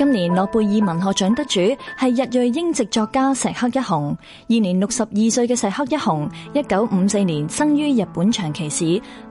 今年諾貝爾文學獎得主係日裔英籍作家石黑一雄，現年六十二歲嘅石黑一雄，一九五四年生於日本長崎市，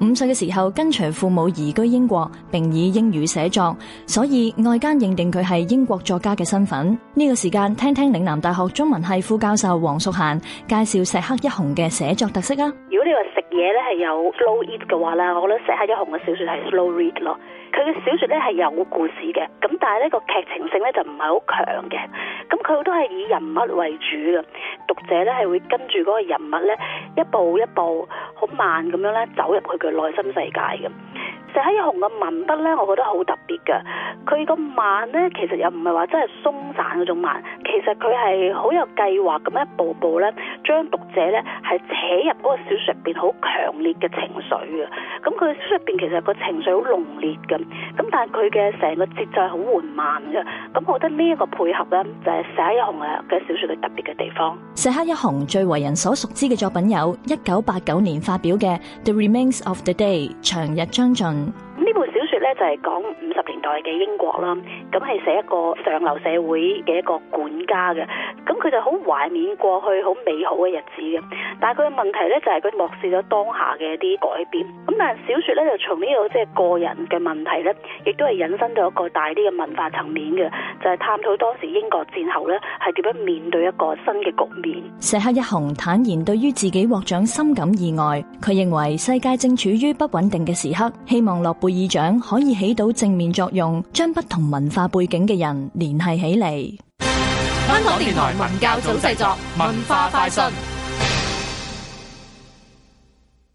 五歲嘅時候跟隨父母移居英國，並以英語寫作，所以外間認定佢係英國作家嘅身份。呢個時間聽聽嶺南大學中文系副教授黃淑嫻介紹石黑一雄嘅寫作特色啊！如果你話食嘢咧係有 slow eat 嘅話啦，我覺得石黑一雄嘅小說係 slow read 咯。佢嘅小説咧係有故事嘅，咁但係呢個劇情性咧就唔係好強嘅，咁佢都係以人物為主嘅，讀者咧係會跟住嗰個人物咧一步一步好慢咁樣咧走入佢嘅內心世界嘅。石黑雄嘅文筆咧，我覺得好特別㗎，佢個慢咧其實又唔係話真係鬆散嗰種慢，其實佢係好有計劃咁一步步咧。將讀者咧係扯入嗰個小説入邊好強烈嘅情緒啊！咁佢嘅小説入邊其實個情緒好濃烈咁，咁但係佢嘅成個節奏係好緩慢嘅，咁我覺得呢一個配合咧就係石黑一雄嘅小説嘅特別嘅地方。石黑一雄最為人所熟知嘅作品有一九八九年發表嘅《The Remains of the Day》長日將盡。就係講五十年代嘅英國啦，咁係寫一個上流社會嘅一個管家嘅，咁佢就好懷緬過去好美好嘅日子嘅，但係佢嘅問題咧就係佢漠視咗當下嘅一啲改變，咁但係小說咧就從呢、這個即係、就是、個人嘅問題咧，亦都係引申到一個大啲嘅文化層面嘅。就係探討當時英國戰後咧，係點樣面對一個新嘅局面。石黑一雄坦言，對於自己獲獎深感意外，佢認為世界正處於不穩定嘅時刻，希望諾貝爾獎可以起到正面作用，將不同文化背景嘅人聯繫起嚟。香港電台文教組製作文化快訊。